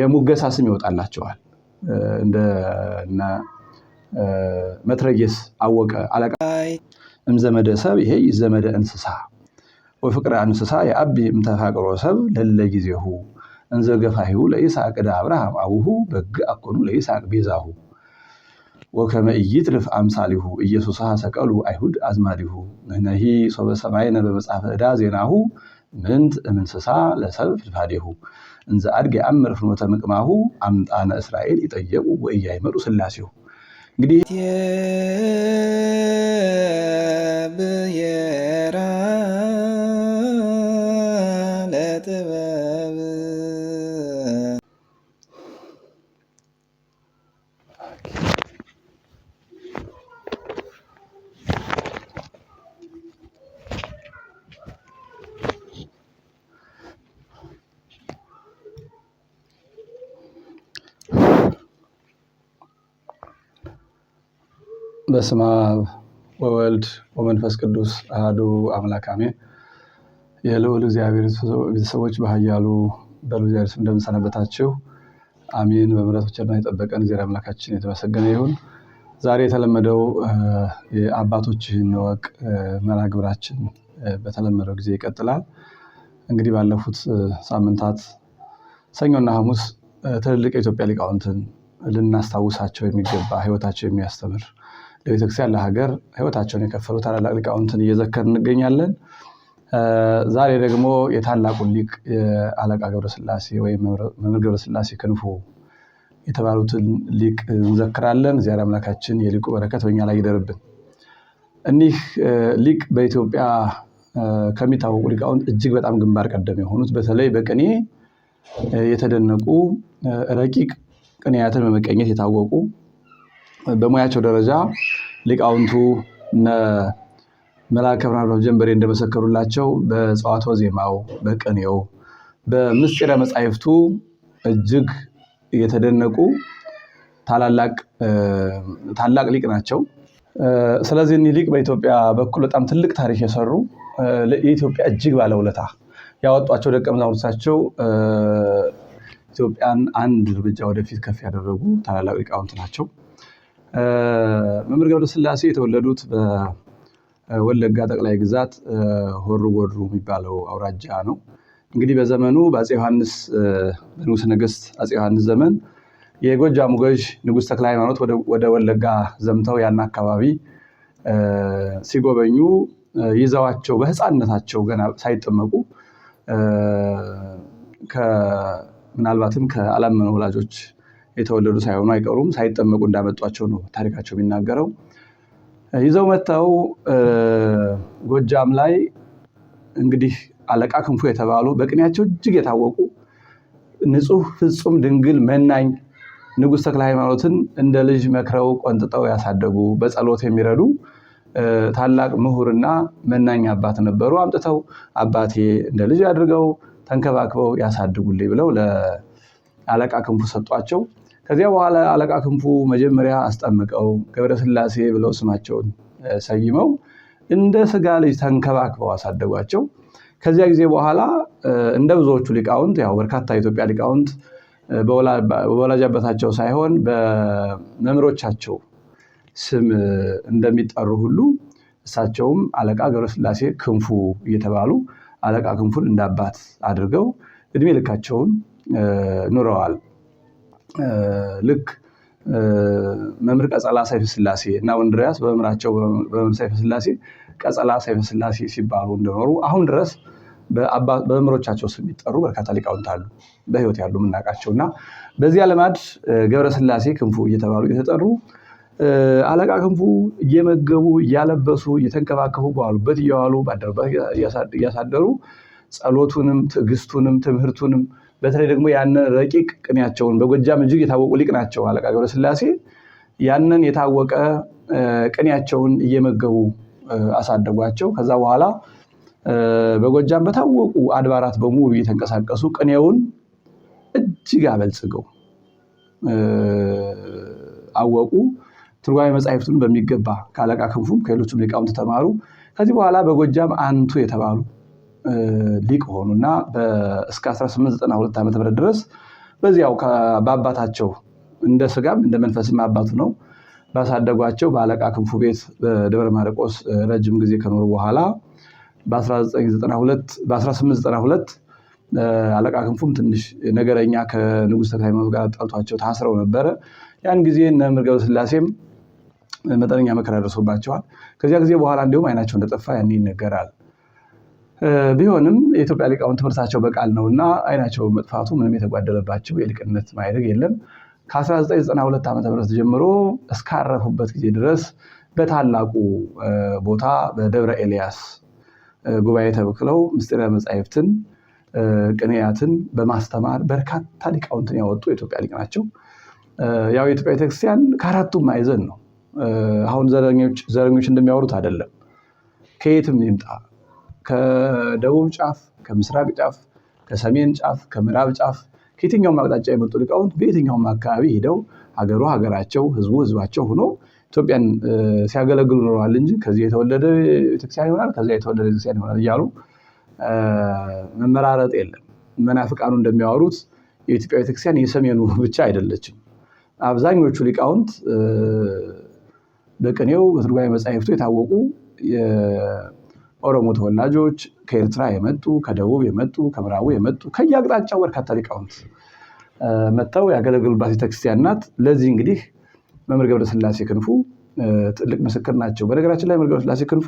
የሙገሳ ስም ይወጣላቸዋል። እንደ መትረጌስ አወቀ አለቃ እምዘመደ ሰብ ይሄ ይዘመደ እንስሳ ወፍቅረ እንስሳ የአቢ እምተፋቅሮ ሰብ ለለ ጊዜሁ እንዘገፋሂሁ ለይስሐቅ ዕዳ አብርሃም አቡሁ በግ አኮኑ ለይስሐቅ ቤዛሁ ወከመ ኢይትርፍ አምሳሊሁ ኢየሱስ ሰቀሉ አይሁድ አዝማዲሁ ንሕነሂ ሶበ ሰማይነ በመጽሐፈ ዕዳ ዜናሁ ምንት እምንስሳ ለሰብ ፍድፋዴሁ እንዘ አድግ የአምር ፍኖተ ምቅማሁ አምጣነ እስራኤል ይጠየቁ ወእያይመሩ ስላሴሁ እንግዲህ በስመ አብ ወወልድ ወመንፈስ ቅዱስ አህዱ አምላክ አሜን። የልዑል እግዚአብሔር ቤተሰቦች ባህያሉ በልዑል እግዚአብሔር ስም እንደምን አሜን። በምሕረቱ የጠበቀን እግዚአብሔር አምላካችን የተመሰገነ ይሁን። ዛሬ የተለመደው የአባቶችህን እወቅ መርሐ ግብራችን በተለመደው ጊዜ ይቀጥላል። እንግዲህ ባለፉት ሳምንታት ሰኞና ሐሙስ ትልልቅ የኢትዮጵያ ሊቃውንትን ልናስታውሳቸው የሚገባ ሕይወታቸው የሚያስተምር ለቤተክርስቲያን፣ ለሀገር ህይወታቸውን የከፈሉ ታላላቅ ሊቃውንትን እየዘከር እንገኛለን። ዛሬ ደግሞ የታላቁን ሊቅ አለቃ ገብረስላሴ ወይም መምህር ገብረስላሴ ክንፉ የተባሉትን ሊቅ እንዘክራለን። እግዚአብሔር አምላካችን የሊቁ በረከት በኛ ላይ ይደርብን። እኒህ ሊቅ በኢትዮጵያ ከሚታወቁ ሊቃውንት እጅግ በጣም ግንባር ቀደም የሆኑት በተለይ በቅኔ የተደነቁ ረቂቅ ቅኔያትን በመቀኘት የታወቁ በሙያቸው ደረጃ ሊቃውንቱ እነ ብርሃን ጀንበሬ እንደመሰከሩላቸው በጸዋትወ ዜማው፣ በቅኔው፣ በምስጢረ መጻሕፍቱ እጅግ የተደነቁ ታላቅ ሊቅ ናቸው። ስለዚህ እኒህ ሊቅ በኢትዮጵያ በኩል በጣም ትልቅ ታሪክ የሰሩ የኢትዮጵያ እጅግ ባለውለታ ያወጧቸው ደቀ መዛሙርታቸው ኢትዮጵያን አንድ እርምጃ ወደፊት ከፍ ያደረጉ ታላላቅ ሊቃውንት ናቸው። መምህር ስላሴ የተወለዱት በወለጋ ጠቅላይ ግዛት ሆሩ ጉዱሩ የሚባለው አውራጃ ነው። እንግዲህ በዘመኑ በአፄ ዮሐንስ በንጉሥ ነገሥት አፄ ዮሐንስ ዘመን የጎጃሙ ገዥ ንጉሥ ተክለ ሃይማኖት ወደ ወለጋ ዘምተው ያን አካባቢ ሲጎበኙ ይዘዋቸው በሕፃንነታቸው ገና ሳይጠመቁ ምናልባትም ከአላመኑ ወላጆች የተወለዱ ሳይሆኑ አይቀሩም። ሳይጠመቁ እንዳመጧቸው ነው ታሪካቸው የሚናገረው። ይዘው መጥተው ጎጃም ላይ እንግዲህ አለቃ ክንፉ የተባሉ በቅኔያቸው እጅግ የታወቁ ንጹህ ፍጹም ድንግል መናኝ ንጉሥ ተክለ ሃይማኖትን እንደ ልጅ መክረው ቆንጥጠው ያሳደጉ በጸሎት የሚረዱ ታላቅ ምሁርና መናኝ አባት ነበሩ። አምጥተው አባቴ እንደ ልጅ አድርገው ተንከባክበው ያሳድጉልኝ ብለው አለቃ ክንፉ ሰጧቸው። ከዚያ በኋላ አለቃ ክንፉ መጀመሪያ አስጠምቀው ገብረስላሴ ብለው ስማቸውን ሰይመው እንደ ስጋ ልጅ ተንከባክበው አሳደጓቸው። ከዚያ ጊዜ በኋላ እንደ ብዙዎቹ ሊቃውንት ያው በርካታ የኢትዮጵያ ሊቃውንት በወላጅ አባታቸው ሳይሆን በመምሮቻቸው ስም እንደሚጠሩ ሁሉ እሳቸውም አለቃ ገብረስላሴ ክንፉ እየተባሉ አለቃ ክንፉን እንደ አባት አድርገው እድሜ ልካቸውን ኑረዋል። ልክ መምህር ቀጸላ ሰይፈ ስላሴ እና ወንድሪያስ በመምህራቸው በመምህር ሰይፈ ስላሴ ቀጸላ ሰይፈ ስላሴ ሲባሉ እንደኖሩ አሁን ድረስ በመምህሮቻቸው ስም የሚጠሩ በርካታ ሊቃውንት አሉ፣ በህይወት ያሉ የምናውቃቸው እና በዚያ ልማድ ስላሴ ክንፉ እየተባሉ እየተጠሩ አለቃ ክንፉ እየመገቡ እያለበሱ እየተንከባከቡ በዋሉበት እየዋሉ ባደሩበት እያሳደሩ ጸሎቱንም ትዕግስቱንም ትምህርቱንም በተለይ ደግሞ ያንን ረቂቅ ቅኔያቸውን በጎጃም እጅግ የታወቁ ሊቅ ናቸው አለቃ ገብረስላሴ ያንን የታወቀ ቅኔያቸውን እየመገቡ አሳደጓቸው። ከዛ በኋላ በጎጃም በታወቁ አድባራት በሙሉ እየተንቀሳቀሱ ቅኔውን እጅግ አበልጽገው አወቁ። ትርጓሜ መጽሐፍቱን በሚገባ ከአለቃ ክንፉም ከሌሎችም ሊቃውንት ተማሩ። ከዚህ በኋላ በጎጃም አንቱ የተባሉ ሊቅ እና እስከ 1892 ዓ ም ድረስ በዚያው በአባታቸው እንደ ስጋም እንደ መንፈስም አባቱ ነው ባሳደጓቸው በአለቃ ክንፉ ቤት በደብረ ማርቆስ ረጅም ጊዜ ከኖሩ በኋላ በ1892 አለቃ ክንፉም ትንሽ ነገረኛ ከንጉሥ ተክለ ጋር ጠልቷቸው ታስረው ነበረ። ያን ጊዜ እነ ምርገ ስላሴም መጠነኛ መከራ ደርሶባቸዋል። ከዚያ ጊዜ በኋላ እንዲሁም አይናቸው እንደጠፋ ያን ይነገራል። ቢሆንም የኢትዮጵያ ሊቃውንት ትምህርታቸው በቃል ነው እና አይናቸው መጥፋቱ ምንም የተጓደለባቸው የሊቅነት ማድረግ የለም። ከ1992 ዓ ም ጀምሮ እስካረፉበት ጊዜ ድረስ በታላቁ ቦታ በደብረ ኤልያስ ጉባኤ ተወክለው ምስጢረ መጻሕፍትን ቅንያትን በማስተማር በርካታ ሊቃውንትን ያወጡ የኢትዮጵያ ሊቅ ናቸው። ያው የኢትዮጵያ ቤተክርስቲያን ከአራቱም ማዕዘን ነው። አሁን ዘረኞች እንደሚያወሩት አይደለም። ከየትም ይምጣ ከደቡብ ጫፍ፣ ከምስራቅ ጫፍ፣ ከሰሜን ጫፍ፣ ከምዕራብ ጫፍ ከየትኛውም አቅጣጫ የመጡ ሊቃውንት በየትኛውም አካባቢ ሄደው ሀገሩ ሀገራቸው፣ ህዝቡ ህዝባቸው ሆኖ ኢትዮጵያን ሲያገለግሉ ኖረዋል እንጂ ከዚህ የተወለደ ቤተክርስቲያን ይሆናል፣ ከዚያ የተወለደ ቤተክርስቲያን ይሆናል እያሉ መመራረጥ የለም። መናፍቃኑ እንደሚያወሩት የኢትዮጵያ ቤተክርስቲያን የሰሜኑ ብቻ አይደለችም። አብዛኞቹ ሊቃውንት በቅኔው በትርጓሜ መጻሕፍቱ የታወቁ ኦሮሞ ተወላጆች ከኤርትራ የመጡ ከደቡብ የመጡ ከምዕራቡ የመጡ ከየአቅጣጫው በርካታ ሊቃውንት መጥተው ያገለገሉባት ቤተክርስቲያን ናት። ለዚህ እንግዲህ መምህር ገብረስላሴ ክንፉ ትልቅ ምስክር ናቸው። በነገራችን ላይ መምህር ገብረስላሴ ክንፉ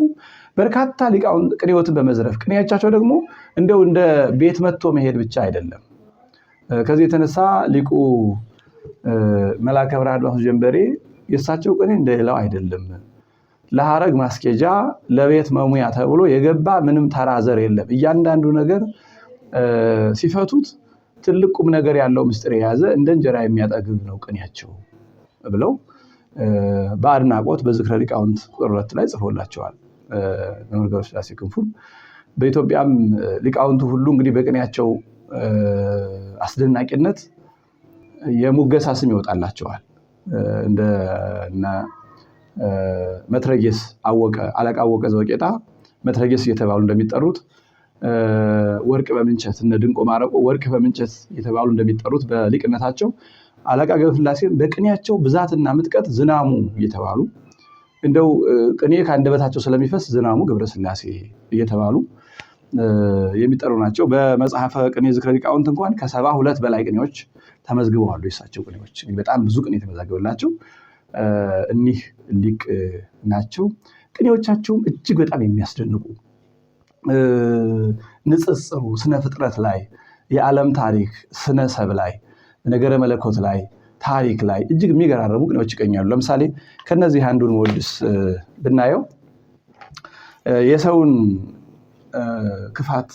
በርካታ ሊቃውን ቅኔዎትን በመዝረፍ ቅኔያቻቸው ደግሞ እንደው እንደ ቤት መጥቶ መሄድ ብቻ አይደለም። ከዚህ የተነሳ ሊቁ መልአከ ብርሃን ጀንበሬ የእሳቸው ቅኔ እንደሌላው አይደለም። ለሐረግ ማስኬጃ ለቤት መሙያ ተብሎ የገባ ምንም ተራ ዘር የለም። እያንዳንዱ ነገር ሲፈቱት ትልቅ ቁም ነገር ያለው ምስጢር የያዘ እንደ እንጀራ የሚያጠግብ ነው ቅኔያቸው ብለው በአድናቆት በዝክረ ሊቃውንት ቁጥር ላይ ጽፎላቸዋል። መምህር ስላሴ ክንፉን በኢትዮጵያም ሊቃውንቱ ሁሉ እንግዲህ በቅኔያቸው አስደናቂነት የሙገሳ ስም ይወጣላቸዋል እንደ መትረጌስ አወቀ አለቃ አወቀ ዘውቄታ መትረጌስ እየተባሉ እንደሚጠሩት ወርቅ በምንቸት እነ ድንቆ ማረቆ ወርቅ በምንቸት የተባሉ እንደሚጠሩት በሊቅነታቸው አለቃ ገብረስላሴ በቅኔያቸው ብዛትና ምጥቀት ዝናሙ እየተባሉ እንደው ቅኔ ከአንደበታቸው ስለሚፈስ ዝናሙ ገብረስላሴ እየተባሉ የሚጠሩ ናቸው። በመጽሐፈ ቅኔ ዝክረ ሊቃውንት እንኳን ከሰባ ሁለት በላይ ቅኔዎች ተመዝግበዋሉ። የሳቸው ቅኔዎች በጣም ብዙ ቅኔ የተመዘገበላቸው እኒህ ሊቅ ናቸው። ቅኔዎቻቸውም እጅግ በጣም የሚያስደንቁ ንጽጽሩ ስነ ፍጥረት ላይ፣ የዓለም ታሪክ፣ ስነ ሰብ ላይ፣ ነገረ መለኮት ላይ፣ ታሪክ ላይ እጅግ የሚገራረሙ ቅኔዎች ይገኛሉ። ለምሳሌ ከነዚህ አንዱን መወድስ ብናየው የሰውን ክፋት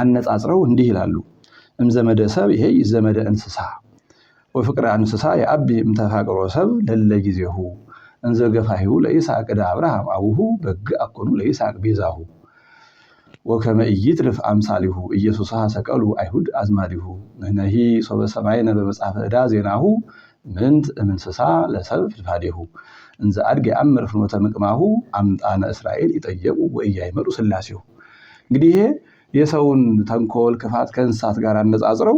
አነጻጽረው እንዲህ ይላሉ። እምዘመደ ሰብ ይሄ ዘመደ እንስሳ ወፍቅር አንስሳ የአቢ እምተፋቅሮ ሰብ ለለ ጊዜሁ እንዘ ገፋሂሁ ለይስሐቅ ዕደ አብርሃም አቡሁ በግ አኮኑ ለይስሐቅ ቤዛሁ ወከመ ኢይትርፍ አምሳሊሁ ኢየሱስ ሰቀሉ አይሁድ አዝማዲሁ ንሕነሂ ሶበ ሰማይነ በመጽሐፈ ዕዳ ዜናሁ ምንት እምንስሳ ለሰብ ፍድፋዴሁ እንዘ አድግ የአምር ፍኖተ ምቅማሁ አምጣነ እስራኤል ይጠየቁ ወኢያይመሩ ስላሴሁ። እንግዲህ ይሄ የሰውን ተንኮል ክፋት ከእንስሳት ጋር አነጻጽረው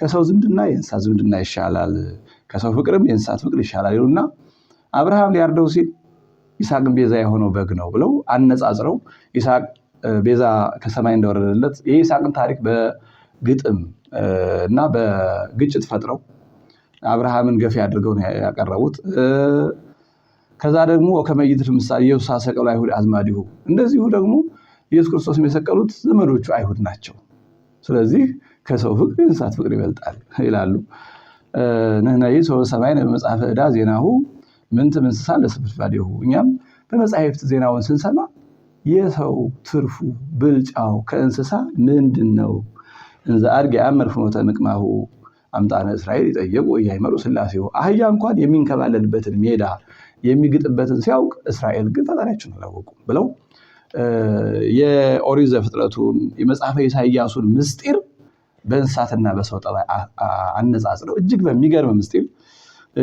ከሰው ዝምድና የእንስሳት ዝምድና ይሻላል፣ ከሰው ፍቅርም የእንስሳት ፍቅር ይሻላል ይሉና አብርሃም ሊያርደው ሲል ይስሐቅን ቤዛ የሆነው በግ ነው ብለው አነጻጽረው ይስሐቅ ቤዛ ከሰማይ እንደወረደለት የይስሐቅን ታሪክ በግጥም እና በግጭት ፈጥረው አብርሃምን ገፊ አድርገው ነው ያቀረቡት። ከዛ ደግሞ ከመይትር ምሳሌ ኢየሱስ ሰቀሉ አይሁድ አዝማዲሁ፣ እንደዚሁ ደግሞ ኢየሱስ ክርስቶስ የሰቀሉት ዘመዶቹ አይሁድ ናቸው። ስለዚህ ከሰው ፍቅር የእንስሳት ፍቅር ይበልጣል ይላሉ። ንሕነይ ሰው ሰማዕነ በመጽሐፈ ዕዳ ዜናሁ ምንት እንስሳ ለስብስባዴሁ። እኛም በመጽሐፍት ዜናውን ስንሰማ የሰው ትርፉ ብልጫው ከእንስሳ ምንድን ነው? እንዘ አድግ የአመር ፍኖተ ምቅማሁ አምጣነ እስራኤል ይጠየቁ እያይመሩ ስላሴሁ። አህያ እንኳን የሚንከባለልበትን ሜዳ የሚግጥበትን ሲያውቅ እስራኤል ግን ፈጣሪያችን አላወቁ ብለው የኦሪት ዘፍጥረቱን የመጽሐፈ ኢሳያሱን ምስጢር በእንስሳትና በሰው ጠባይ አነጻጽረው እጅግ በሚገርም ምስጢር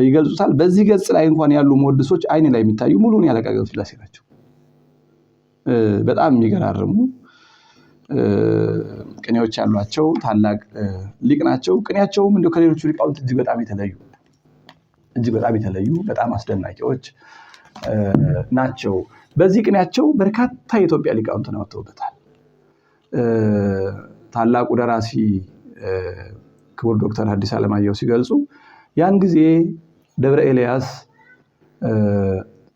ይገልጹታል። በዚህ ገጽ ላይ እንኳን ያሉ መወድሶች አይን ላይ የሚታዩ ሙሉን ያለቃቀም ሥላሴ ናቸው። በጣም የሚገራርሙ ቅኔዎች ያሏቸው ታላቅ ሊቅ ናቸው። ቅኔያቸውም እንዲያው ከሌሎቹ ሊቃውንት እጅግ በጣም የተለዩ እጅግ በጣም የተለዩ በጣም አስደናቂዎች ናቸው። በዚህ ቅኔያቸው በርካታ የኢትዮጵያ ሊቃውንትን አውጥተውበታል። ታላቁ ደራሲ ክቡር ዶክተር ሐዲስ ዓለማየሁ ሲገልጹ ያን ጊዜ ደብረ ኤልያስ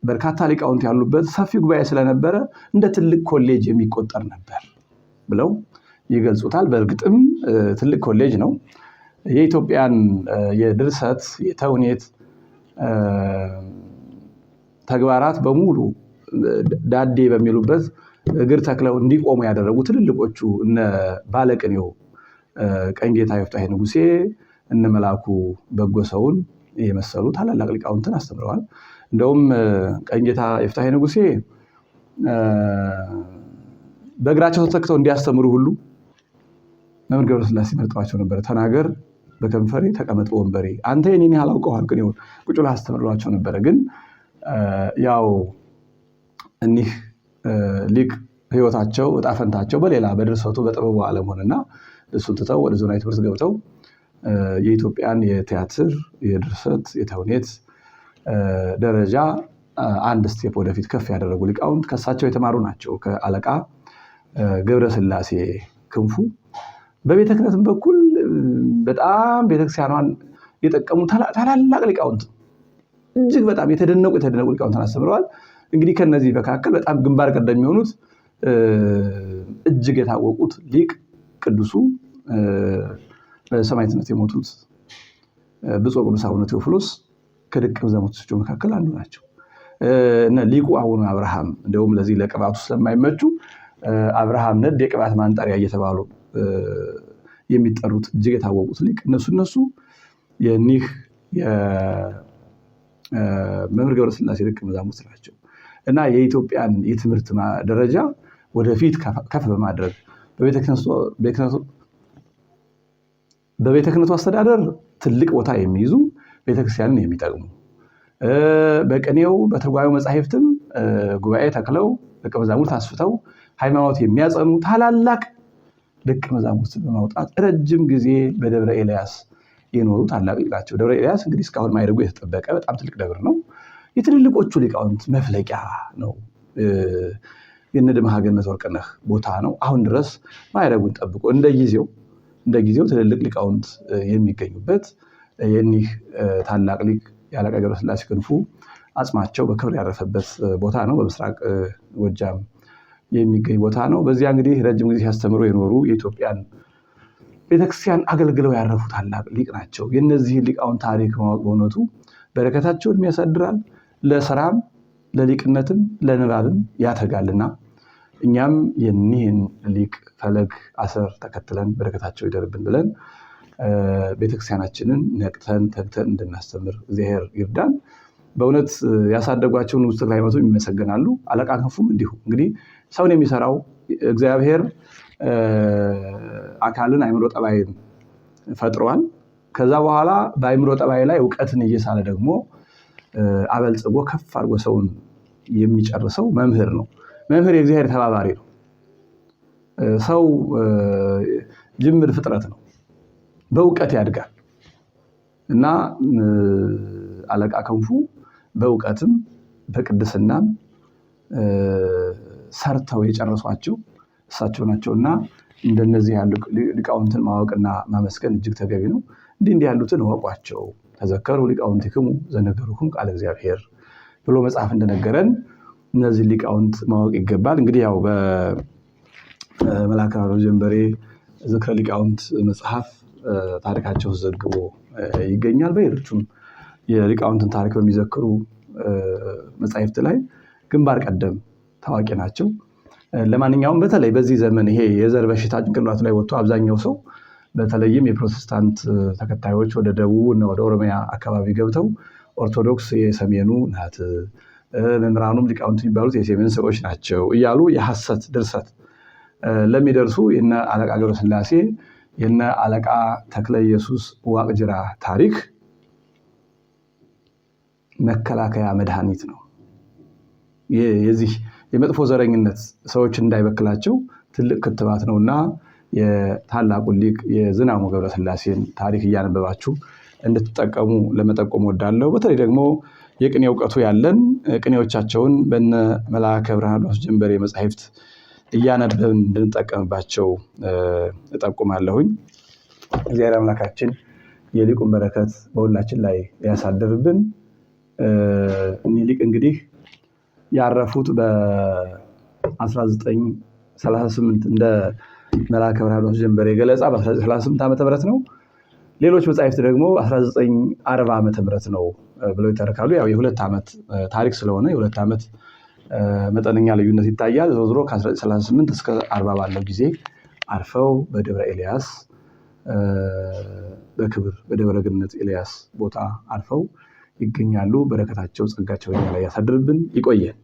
በርካታ ሊቃውንት ያሉበት ሰፊ ጉባኤ ስለነበረ እንደ ትልቅ ኮሌጅ የሚቆጠር ነበር ብለው ይገልጹታል። በእርግጥም ትልቅ ኮሌጅ ነው። የኢትዮጵያን የድርሰት የተውኔት ተግባራት በሙሉ ዳዴ በሚሉበት እግር ተክለው እንዲቆሙ ያደረጉ ትልልቆቹ እነ ባለቅኔው ቀኝ ጌታ ይፍታሔ ንጉሴ፣ እነ መላኩ በጎ ሰውን የመሰሉ ታላላቅ ሊቃውንትን አስተምረዋል። እንደውም ቀኝ ጌታ ይፍታሔ ንጉሴ በእግራቸው ተተክተው እንዲያስተምሩ ሁሉ መምህር ገብረስላሴ መርጠዋቸው ነበረ። ተናገር በከንፈሬ ተቀመጥ ወንበሬ፣ አንተ የኔን ያህል አውቀዋል ግን ቁጭ ብለህ አስተምሯቸው ነበረ። ግን ያው እኒህ ሊቅ ህይወታቸው እጣፈንታቸው በሌላ በድርሰቱ በጥበቡ አለመሆንና እሱን ትተው ወደ ዞናዊ ትምህርት ገብተው የኢትዮጵያን የቲያትር፣ የድርሰት፣ የተውኔት ደረጃ አንድ ስቴፕ ወደፊት ከፍ ያደረጉ ሊቃውንት ከእሳቸው የተማሩ ናቸው። ከአለቃ ገብረስላሴ ክንፉ በቤተ ክህነትም በኩል በጣም ቤተክርስቲያኗን የጠቀሙ ታላላቅ ሊቃውንት እጅግ በጣም የተደነቁ የተደነቁ ሊቃውንትን አስተምረዋል። እንግዲህ ከነዚህ መካከል በጣም ግንባር ቀደም የሚሆኑት እጅግ የታወቁት ሊቅ ቅዱሱ በሰማዕትነት የሞቱት ብፁዕ ቅዱስ አቡነ ቴዎፍሎስ ከደቀ መዛሙርታቸው መካከል አንዱ ናቸው። ሊቁ አቡነ አብርሃም እንደውም ለዚህ ለቅባቱ ስለማይመቹ አብርሃም ነድ የቅባት ማንጠሪያ እየተባሉ የሚጠሩት እጅግ የታወቁት ሊቅ እነሱ እነሱ የኒህ የመምህር ገብረስላሴ ደቀ መዛሙርት ናቸው እና የኢትዮጵያን የትምህርት ደረጃ ወደፊት ከፍ በማድረግ በቤተ ክህነቱ አስተዳደር ትልቅ ቦታ የሚይዙ ቤተክርስቲያንን የሚጠቅሙ በቅኔው በትርጓሜው መጻሕፍትም ጉባኤ ተክለው ደቀ መዛሙርት አስፍተው ሃይማኖት የሚያጸኑ ታላላቅ ደቀ መዛሙርት በማውጣት ረጅም ጊዜ በደብረ ኤልያስ የኖሩ ታላቅ ሊቅ ናቸው። ደብረ ኤልያስ እንግዲህ እስካሁን ማይደጉ የተጠበቀ በጣም ትልቅ ደብር ነው። የትልልቆቹ ሊቃውንት መፍለቂያ ነው። የነድመ ሀገነት ወርቅነህ ቦታ ነው። አሁን ድረስ ማዕረጉን ጠብቆ እንደ ጊዜው እንደ ጊዜው ትልልቅ ሊቃውንት የሚገኙበት የኒህ ታላቅ ሊቅ የአለቃ ገብረስላሴ ክንፉ አጽማቸው በክብር ያረፈበት ቦታ ነው። በምስራቅ ጎጃም የሚገኝ ቦታ ነው። በዚያ እንግዲህ ረጅም ጊዜ ሲያስተምሩ የኖሩ የኢትዮጵያን ቤተክርስቲያን አገልግለው ያረፉ ታላቅ ሊቅ ናቸው። የእነዚህን ሊቃውን ታሪክ ማወቅ በእውነቱ በረከታቸውን ያሳድራል። ለስራም ለሊቅነትም ለንባብም ያተጋልና እኛም የኒህን ሊቅ ፈለግ አሰር ተከትለን በረከታቸው ይደርብን ብለን ቤተክርስቲያናችንን ነቅተን ተግተን እንድናስተምር እግዚአብሔር ይርዳን። በእውነት ያሳደጓቸው ውስጥ ጠቅላይ መቶም ይመሰገናሉ። አለቃ ክንፉም እንዲሁ እንግዲህ ሰውን የሚሰራው እግዚአብሔር አካልን አይምሮ ጠባይን ፈጥሯል። ከዛ በኋላ በአይምሮ ጠባይ ላይ እውቀትን እየሳለ ደግሞ አበልጽጎ ከፍ አድርጎ ሰውን የሚጨርሰው መምህር ነው። መምህር የእግዚአብሔር ተባባሪ ነው። ሰው ጅምር ፍጥረት ነው። በእውቀት ያድጋል እና አለቃ ክንፉ በእውቀትም በቅድስናም ሰርተው የጨረሷቸው እሳቸው ናቸው እና እንደነዚህ ያሉ ሊቃውንትን ማወቅና ማመስገን እጅግ ተገቢ ነው። እንዲህ እንዲህ ያሉትን እወቋቸው። ተዘከሩ ሊቃውንቲክሙ ዘነገሩክሙ ቃለ እግዚአብሔር ብሎ መጽሐፍ እንደነገረን እነዚህ ሊቃውንት ማወቅ ይገባል። እንግዲህ ያው በመልአከ ጀንበሬ ዝክረ ሊቃውንት መጽሐፍ ታሪካቸው ዘግቦ ይገኛል። በሌሎቹም የሊቃውንትን ታሪክ በሚዘክሩ መጻሕፍት ላይ ግንባር ቀደም ታዋቂ ናቸው። ለማንኛውም በተለይ በዚህ ዘመን ይሄ የዘር በሽታ ጭንቅላት ላይ ወጥቶ አብዛኛው ሰው በተለይም የፕሮቴስታንት ተከታዮች ወደ ደቡብ እና ወደ ኦሮሚያ አካባቢ ገብተው ኦርቶዶክስ የሰሜኑ ናት፣ መምህራኑም ሊቃውንት የሚባሉት የሰሜን ሰዎች ናቸው እያሉ የሐሰት ድርሰት ለሚደርሱ የነ አለቃ ገብረስላሴ የነ አለቃ ተክለ ኢየሱስ ዋቅጅራ ታሪክ መከላከያ መድኃኒት ነው። የዚህ የመጥፎ ዘረኝነት ሰዎች እንዳይበክላቸው ትልቅ ክትባት ነውእና የታላቁ ሊቅ የዝናሙ ገብረስላሴን ታሪክ እያነበባችሁ እንድትጠቀሙ ለመጠቆም ወዳለሁ። በተለይ ደግሞ የቅኔ እውቀቱ ያለን ቅኔዎቻቸውን በነ መልአከ ብርሃን ዮሐንስ ጀንበሬ መጽሐፍት እያነበብን እንድንጠቀምባቸው እጠቁማለሁኝ። እግዚአብሔር አምላካችን የሊቁን በረከት በሁላችን ላይ ያሳድርብን። እኒህ ሊቅ እንግዲህ ያረፉት በ1938 እንደ መልአከ ብርሃን ዮሐንስ ጀንበሬ ገለጻ በ1938 ዓ ም ነው። ሌሎች መጻሕፍት ደግሞ 1940 ዓ ም ነው ብለው ይተረካሉ። ያው የሁለት ዓመት ታሪክ ስለሆነ የሁለት ዓመት መጠነኛ ልዩነት ይታያል። ዞሮ ዞሮ ከ38 እስከ 40 ባለው ጊዜ አርፈው በደብረ ኤልያስ በክብር በደብረ ገነት ኤልያስ ቦታ አርፈው ይገኛሉ። በረከታቸው ጸጋቸው እኛ ላይ ያሳድርብን። ይቆየን።